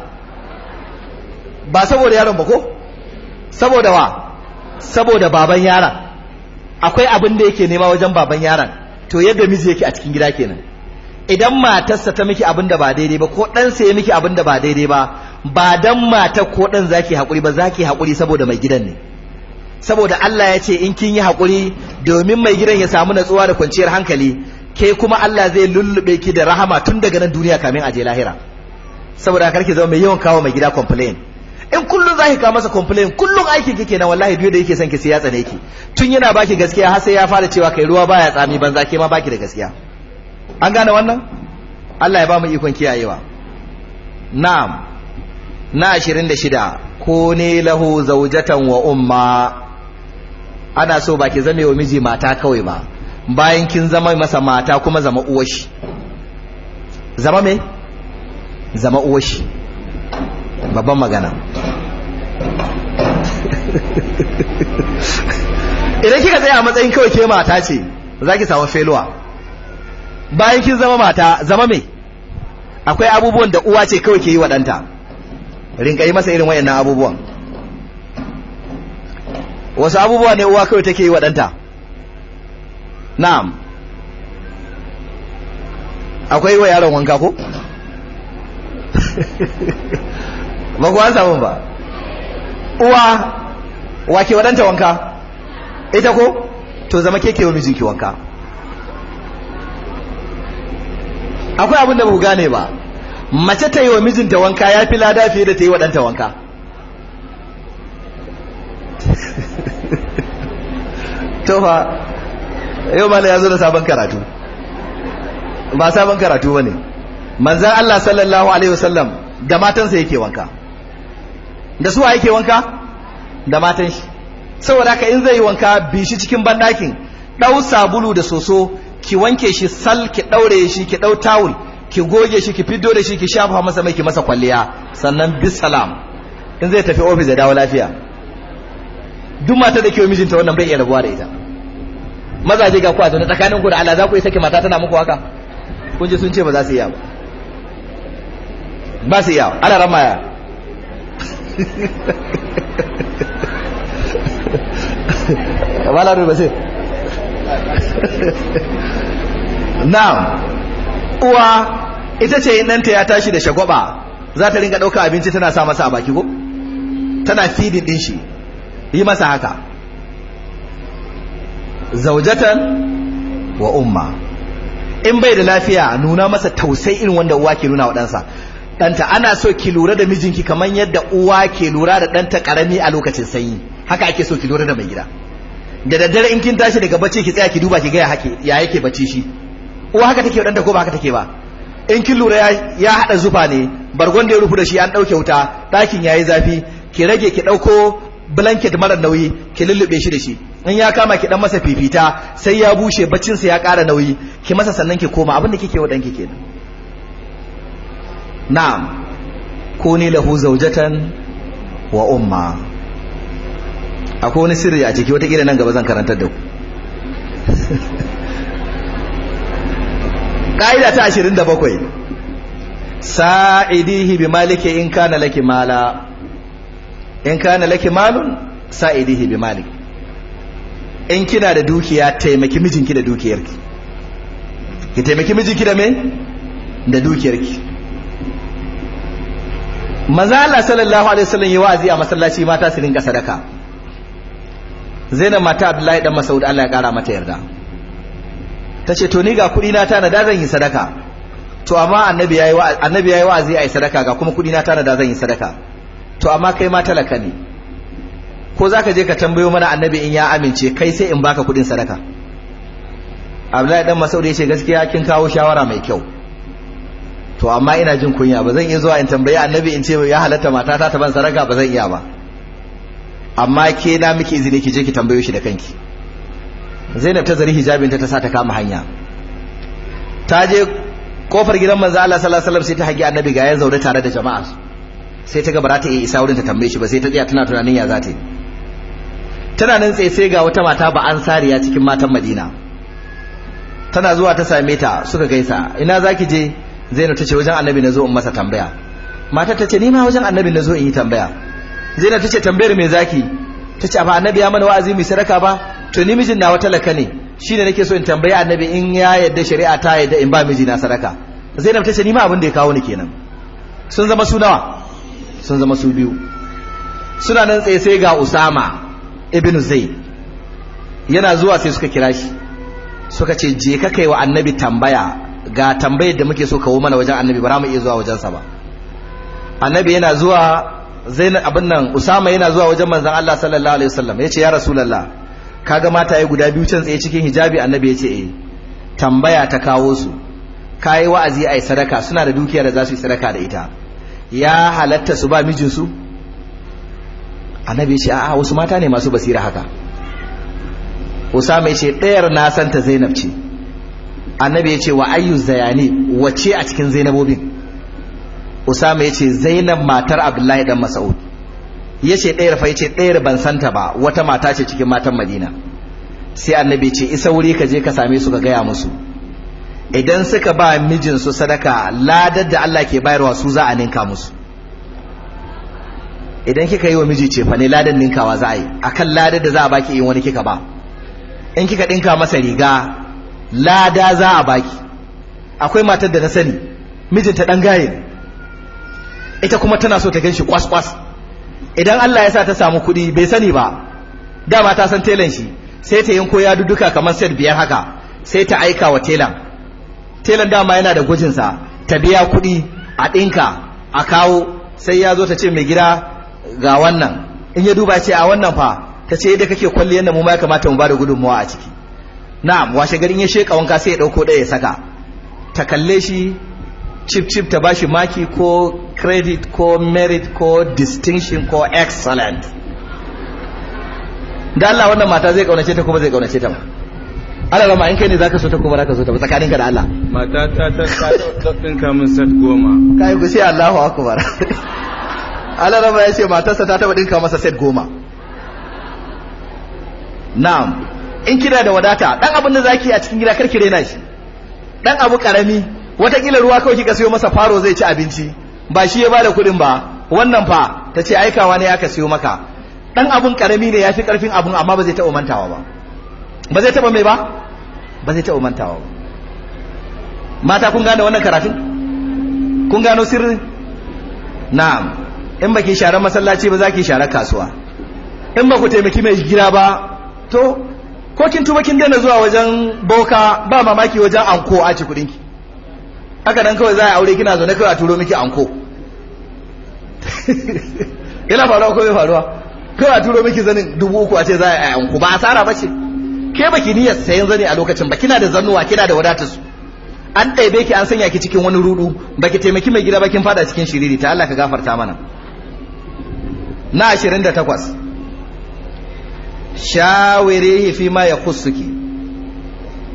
Speaker 1: ba saboda yaron ba ko saboda wa saboda baban yaran, akwai abin da yake nema wajen baban yaran, to yadda miji yake a cikin gida kenan idan matarsa ta miki abin da ba daidai ba ko ɗansa ya miki abin da ba daidai ba ba dan matar ko ɗan zaki haƙuri ba zaki haƙuri saboda mai gidan ne saboda Allah ya ce in kin yi haƙuri domin mai gidan ya samu natsuwa da kwanciyar hankali ke kuma Allah zai lullube ki da rahama tun daga nan duniya kamin a je lahira saboda karki zama mai yawan kawo mai gida complain in kullum zaki ka masa complain kullum aiki kike na wallahi biyo da yake son ki sai ya tsane ki tun yana baki gaskiya har sai ya fara cewa kai ruwa baya tsami banza ke ma baki da gaskiya an gane wannan Allah ya ba mu ikon kiyayewa na'am na 26 ko ne lahu zaujatan wa umma ana so ba ki zame wa miji mata kawai ba bayan kin zama masa mata kuma zama shi zama me zama shi. babban magana idan kika tsaya a matsayin kawai ke mata ce za ki samu feluwa bayan kin zama mata zama mai. akwai abubuwan da uwa ce kawai ke yi wa ɗanta masa irin wayannan abubuwan wasu abubuwa ne uwa kawai take yi wa na'am akwai wa yaron wanka ko ba ku an samu ba uwa wa ke waɗanta wanka ita ko to zama ke kewa mijinki wanka akwai abin da ba ku gane ba mace ta yi wa mijinta wanka ya fi lada fiye da ta yi waɗanta wanka to fa yau ma ya zo da sabon karatu ba sabon karatu ba ne manzan Allah sallallahu Alaihi wasallam da matansa yake wanka da suwa yake wanka da matan shi saboda haka in zai yi wanka bi shi cikin bandakin ɗau sabulu da soso ki wanke shi sal ki ɗaure shi ki ɗau tawul ki goge shi ki fiddo da shi ki shafa masa mai ki masa kwalliya sannan bisalam in zai tafi ofis ya dawo lafiya duk mata da ke mijinta wannan bai iya rabuwa da ita mazaje ga kwato na tsakanin ku da Allah za ku yi sake mata tana muku haka kun ji sun ce ba za su iya ba ba su iya ana ramaya uwa ita ce ɗanta ya tashi da shagwaba za ta ringa ɗauka abinci tana sa masa a baki ko tana fidin ɗin shi yi masa haka zaujatan wa umma in bai da lafiya nuna masa tausai irin wanda uwa ke nuna wa ɗansa ɗanta ana so ki lura da mijinki kamar yadda uwa ke lura da ɗanta ƙarami a lokacin sanyi haka ake so ki lura da mai gida da daddare in kin tashi daga bacci ki tsaya ki duba ki ga ya yake bacci shi uwa haka take danta ko ba haka take ba in kin lura ya haɗa zufa ne bargon da ya rufu da shi an ɗauke wuta ɗakin yayi zafi ki rage ki ɗauko blanket mara nauyi ki lullube shi da shi in ya kama ki dan masa fifita sai ya bushe baccinsa ya kara nauyi ki masa sannan ki koma abin da kike wa danki kenan na'am kuni lahu zaujatan wa umma akwai wani sirri a ciki watakila nan gaba zan karantar da ku ƙa'ida ta 27 sa'idihi bi malike in kana laki mala in kana laki malun sa'idihi bi malik in kina da dukiya taimaki mijinki da dukiyarki ki taimaki mijinki da me da dukiyarki maza Allah sallallahu alaihi wasallam yi wa'azi a masallaci mata su ringa sadaka Zainab mata Abdullahi dan Masaud Allah ya kara mata yarda tace to ni ga kudi na tana da zan yi sadaka to amma annabi yayi annabi yayi wa'azi ai sadaka ga kuma kudi na tana da zan yi sadaka to amma kai ma talaka ne ko zaka je ka tambayo mana annabi in ya amince kai sai in baka kudin sadaka Abdullahi dan Masaud ya ce gaskiya kin kawo shawara mai kyau to amma ina jin kunya ba zan iya zuwa in tambayi annabi in ce ya halatta mata ta ban saraka ba zan iya ba amma ke na miki izini ki je ki tambayo shi da kanki Zainab ta zari hijabinta ta sa ta kama hanya ta je kofar gidan manzo Allah sallallahu alaihi wasallam sai ta hagi annabi ga ya zaune tare da jama'a sai ta ga ba ta iya isa wurin ta tambaye shi ba sai ta tsaya tana tunanin ya zata. yi tana nan sai sai ga wata mata ba ansariya cikin matan Madina tana zuwa ta same ta suka gaisa ina zaki je zainab ta ce wajen annabi na zo in masa tambaya matar ta ce ni ma wajen annabi na zo in yi tambaya zainab ta ce tambayar me zaki ta ce ba annabi ya mana wa'azi mai sadaka ba to ni mijin nawa talaka ne shine nake so in tambayi annabi in ya yadda shari'a ta yadda in ba miji na sadaka zainab ta ce ni ma abin da ya kawo ni kenan sun zama su nawa sun zama su biyu suna nan tsaye sai ga usama ibn zaid yana zuwa sai suka kira shi suka ce je ka kai wa annabi tambaya ga tambayar da muke so kawo mana wajen annabi ba mu iya zuwa wajensa ba annabi yana zuwa zainab abin nan usama yana zuwa wajen manzon Allah sallallahu alaihi wasallam yace ya rasulullah kaga mataye guda biyu can tsaye cikin hijabi annabi yace eh tambaya ta kawo su kai wa'azi ai sadaka suna da dukiya da za su yi sadaka da ita ya halatta su ba mijin su annabi yace a'a wasu mata ne masu basira haka usama yace ɗayar na santa zainab ce annabi ya ce wa ayyu zayani wace a cikin zainabobin usama ya ce zainab matar abdullahi dan mas'ud ya ce ɗayar fa ya ce ɗaya ban santa ba wata mata ce cikin matan madina sai annabi ce isa wuri ka je ka same su ka gaya musu idan suka ba mijinsu sadaka ladar da Allah ke bayarwa su za a ninka musu idan kika yi wa miji ce fa ne ladan ninkawa za a yi akan ladar da za a baki in wani kika ba in kika dinka masa riga lada za a baki akwai matar da ta sani mijinta dan gaye ita kuma tana so ta ganshi kwas kwas idan Allah ya sa ta samu kuɗi bai sani ba dama ta san telan shi sai ta yanko ya duduka kamar set biyar haka sai ta aika wa telan telan dama yana da sa ta biya kuɗi a ɗinka a kawo sai ya zo ta ce mai gida ga wannan in ya duba ce a wannan fa ta ce yadda kake kwalli yadda mu ma ya kamata mu bada gudunmawa a ciki na'am washe garin ya sheka wanka sai ya dauko ɗaya ya saka ta kalle shi chip chip ta bashi maki ko credit ko merit ko distinction ko excellent da Allah wannan mata zai kaunace ta kuma zai kaunace ta ba ana rama in kai ne zaka so ta kuma zaka so ta ba tsakaninka da Allah
Speaker 2: mata ta ta ta dinka min set goma kai ku sai
Speaker 1: Allahu akbar Allah rama ya ce matarsa ta taba dinka masa set goma na'am in kina da wadata dan abin da zaki a cikin gida karki rena shi dan abu karami watakila ruwa kawai kika siyo masa faro zai ci abinci ba shi ya bada kuɗin ba wannan fa ta ce aikawa ne aka siyo maka dan abun karami ne ya fi karfin abun amma ba zai taɓa mantawa ba ba zai taɓa mai ba ba zai taɓa mantawa ba mata kun gane wannan karatun kun gano sirri? na'am in ba ki share masallaci ba za ki share kasuwa in ba ku taimaki mai gida ba to ko kin tuba kin daina zuwa wajen boka ba mamaki wajen anko a ci kudin ki haka nan kawai za a aure kina zaune kawai a turo miki anko yana faruwa ko bai faruwa kawai a turo miki zanin dubu uku a ce za a yi anko ba asara ba ce ke baki niyyar sayan zani a lokacin ba kina da zannuwa kina da wadata su an ɗaibe ki an sanya ki cikin wani rudu baki taimaki mai gida ba kin fada cikin shiriri ta Allah ka gafarta mana na 28 shawirihi fi ma yakhussuki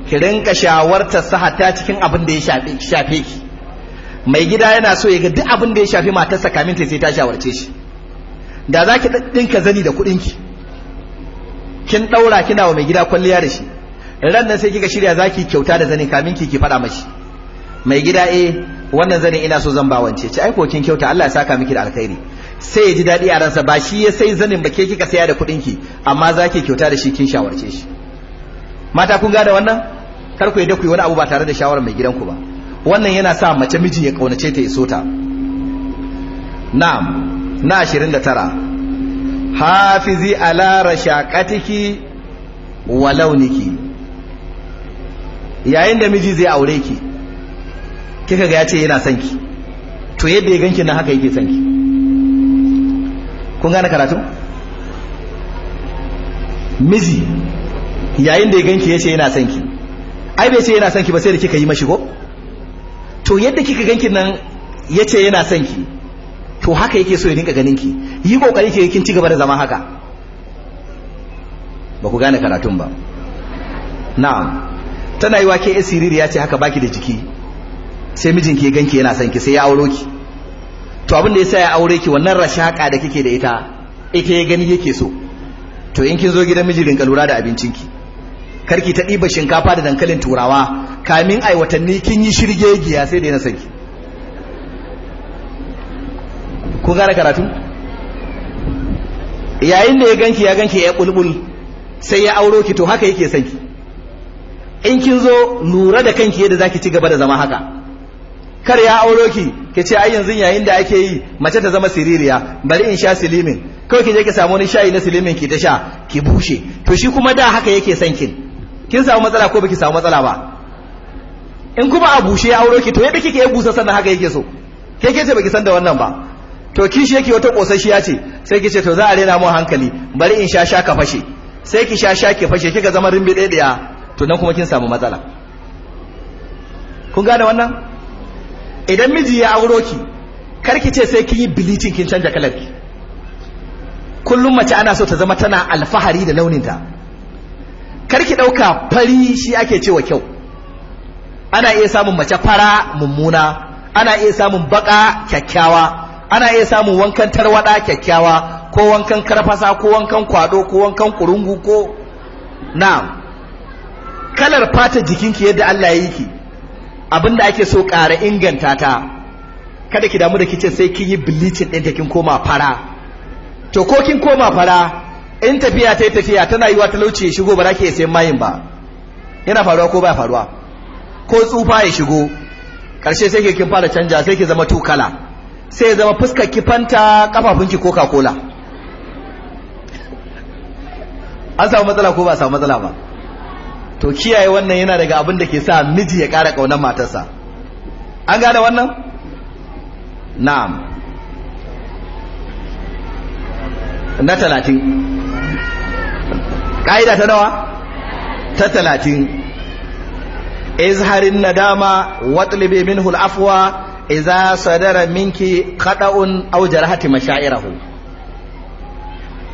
Speaker 1: ki rinka shawarta sa cikin abin da ya shafe ki mai gida yana so ya ga duk abin da ya shafi matarsa kamin ta sai ta shawarce shi da za ki ɗinka zani da kuɗin ki kin ɗaura kina wa mai gida kwalliya da shi ran nan sai kika shirya za ki kyauta da zani kamin ki ki faɗa mashi mai gida eh wannan zanin ina so zan wance ci aiko kin kyauta Allah ya saka miki da alkhairi sai ya ji daɗi a ransa ba shi ya sai zanin ba ke kika saya da kuɗin ki amma za ki kyauta da shi kin shawarce shi mata kun gada wannan kar ku yadda ku yi wani abu ba tare da shawarar mai gidanku ba wannan yana sa mace miji ya kaunace ta ya so ta na'am na 29 hafizi ala rashaqatiki wa launiki yayin da miji zai aure ki kika ga ya ce yana son ki to yadda ya ganki nan haka yake son ki kun gane karatu miji yayin da ya ganki ya ce yana son ki ai bai ce yana son ki ba sai da kika yi mashi ko to yadda kika ganki nan ya ce yana son ki to haka yake so ya dinka ganin ki yi kokari ke kin ci gaba da zama haka ba ku gane karatun ba na'am tana yi wa ke siriri ya ce haka baki da jiki sai mijinki ya ganki yana son ki sai ya auro ki to abin da yasa ya aure ki wannan rashaka da kike da ita ita ya gani yake so to in kin zo gidan miji rinka lura da abincin ki karki ta diba shinkafa da dankalin turawa kamin ai watanni kin yi shirge giya sai da na saki kun gara karatu yayin da ya ganki ya ganki ya bulbul sai ya auro ki to haka yake sanki in kin zo lura da kanki yadda zaki ci gaba da zama haka kar ya auro ki ke ce ai yanzu yayin da ake yi mace ta zama siririya bari in sha silimin kawai ki je ki samu wani shayi na silimin ki ta sha ki bushe to shi kuma da haka yake son kin kin samu matsala ko baki samu matsala ba in kuma a bushe ya auro ki to yadda kike ya busa sannan haka yake so ke ke ce baki san da wannan ba to shi yake wata kosasshiya ce sai ki ce to za a rena mu hankali bari in sha sha ka fashe sai ki sha sha ki fashe kika zama rimbi ɗaya to nan kuma kin samu matsala kun gane wannan idan miji ya auro ki kar ki ce sai kiyi yi bleaching kin canja kalar ki kullum mace ana so ta zama tana alfahari da launinta kar ki ɗauka fari shi ake cewa kyau ana iya samun mace fara mummuna ana iya samun baka kyakkyawa ana iya samun wankan tarwada kyakkyawa ko wankan karfasa ko wankan kwado ko wankan kurungu ko na'am kalar fata jikinki yadda Allah ya yi ki abinda ake so ƙara inganta ta kada ki damu da kicin sai kin yi bleaching ɗinta kin koma fara to ko kin koma fara in tafiya ta yi tafiya tana yi wa talauci ya shigo ba za ki sayan mayin ba yana faruwa ko ba faruwa ko tsufa ya shigo ƙarshe sai kin fara canja sai ki zama tukala sai ya zama fuskar ki fanta kafafun ki coca cola an samu matsala ko ba samu matsala ba to kiyaye wannan yana daga abin da ke sa miji ya ƙara ƙaunar matarsa an gane wannan na'am na talatin ƙa'ida ta nawa ta talatin izharin nadama watlibe minhul afwa idza sadara minki qada'un aw jarahati mashairahu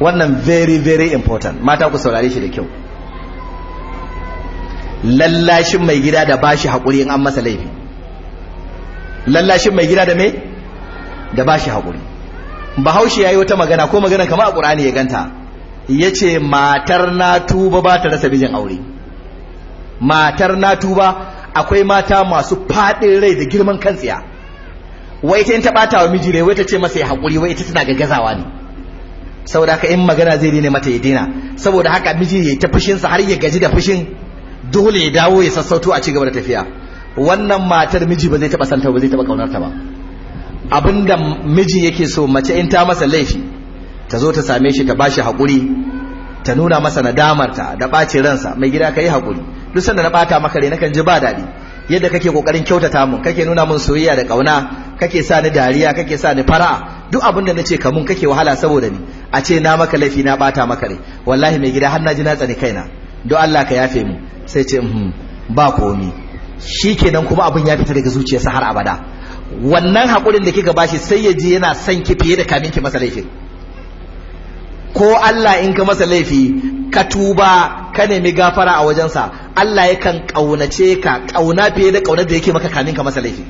Speaker 1: wannan very very important mata ku saurare shi da kyau lallashin mai gida da bashi haƙuri in an masa laifi lallashin mai gida da me da bashi haƙuri bahaushe yayi wata magana ko magana kamar a ƙur'ani ya ganta yace matar na tuba ba ta rasa bijin aure matar na tuba akwai mata masu faɗin rai da girman kan tsiya wai ta in ta ɓata wa miji rai wai ta ce masa ya haƙuri wai ita tana gaggazawa ne saboda haka in magana zai ne mata ya daina saboda haka miji ya ta fushinsa har ya gaji da fushin dole ya dawo ya sassauto a ci gaba da tafiya wannan matar miji ba zai taba santa ba zai taba ta ba abinda miji yake so mace in ta masa laifi ta zo ta same shi ta bashi hakuri ta nuna masa nadamarta da ɓacin ransa mai gida ka yi hakuri duk sanda na ɓata maka rai nakan ji ba daɗi yadda kake kokarin kyautata mun kake nuna mun soyayya da kauna kake sa ni dariya kake sa ni fara'a duk abin da nace ka mun kake wahala saboda ni a ce na maka laifi na bata maka rai wallahi mai gida har na ji na tsani kaina don Allah ka yafe mu sai ce hmm, ba komi shikenan kuma abin ya fita daga zuciyarsa har abada wannan hakurin da kika bashi sai ya ji yana son ki fiye da kamin ki masa laifin ko Allah in ka masa laifi ka tuba ka nemi gafara a wajensa Allah yakan kaunace ka kauna fiye da kaunar da yake maka kamin ka masa laifi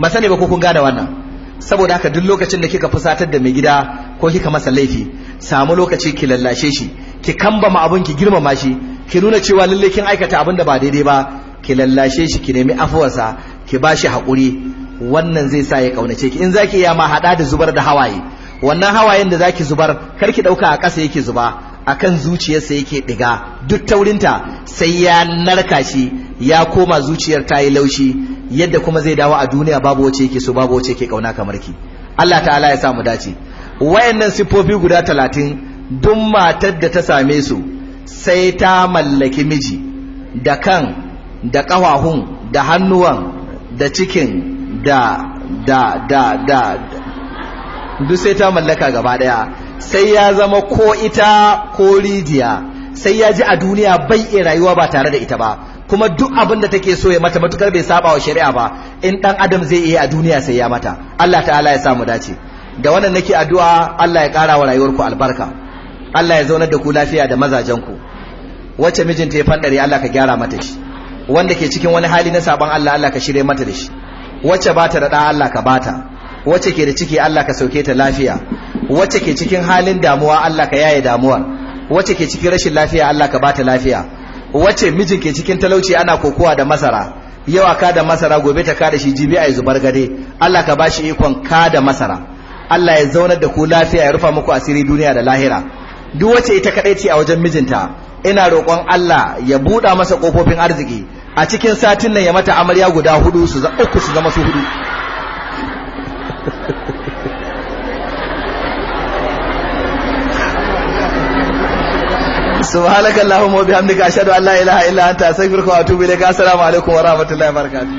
Speaker 1: ba sani ba ko kun gane wannan saboda haka duk lokacin da kika fusatar da mai gida ko kika masa laifi samu lokaci ki lallashe shi ki kambama abun ki girmama shi ki nuna cewa lalle kin aikata abin da ba daidai ba ki lallashe shi ki nemi afuwarsa ki ba shi hakuri. wannan zai sa ya kaunace ki in zaki iya ma haɗa da zubar da hawaye wannan hawayen da za ki zubar kar ki ɗauka a ƙasa yake zuba akan zuciyarsa yake ɗiga. duk taurinta sai ya narka shi ya koma zuciyar ta yi laushi yadda kuma zai dawo a duniya babu wace yake so babu wace yake kauna kamar ki Allah ta'ala ya samu dace wayannan siffofi guda talatin duk matar da ta same su sai ta mallaki miji da kan da ƙafafun da hannuwan da cikin da da da da duk sai ta mallaka gaba daya sai ya zama ko ita ko rijiya sai ya ji a duniya bai iya rayuwa ba tare da ita ba kuma duk abin da take so ya mata matukar bai saba wa shari'a ba in dan adam zai iya a duniya sai ya mata Allah ta'ala ya samu dace da wannan nake addu'a Allah ya kara wa rayuwarku albarka Allah ya zaunar da ku lafiya da mazajen ku wacce mijinta ya fadare Allah ka gyara mata shi wanda ke cikin wani hali na saban Allah Allah ka shirye mata da shi wacce ba ta da da Allah ka bata wacce ke da ciki Allah ka sauke ta lafiya wacce ke cikin halin damuwa Allah ka yaye damuwar wacce ke cikin rashin lafiya Allah ka bata lafiya wacce mijin ke cikin talauci ana kokowa da masara yawa ka da masara gobe ta ka da shi jibi ai zubar gade Allah ka bashi ikon ka da masara Allah ya zaunar da ku lafiya ya rufa muku asiri duniya da lahira duk wacce ita kadai ce a wajen mijinta ina roƙon Allah ya buɗa masa ƙofofin arziki a cikin satin nan ya mata amarya guda hudu su za uku su zama su hudu subhanakallahumma wa bihamdika ashhadu an la ilaha illa anta astaghfiruka wa atubu ilayk assalamu alaikum wa rahmatullahi wa barakatuh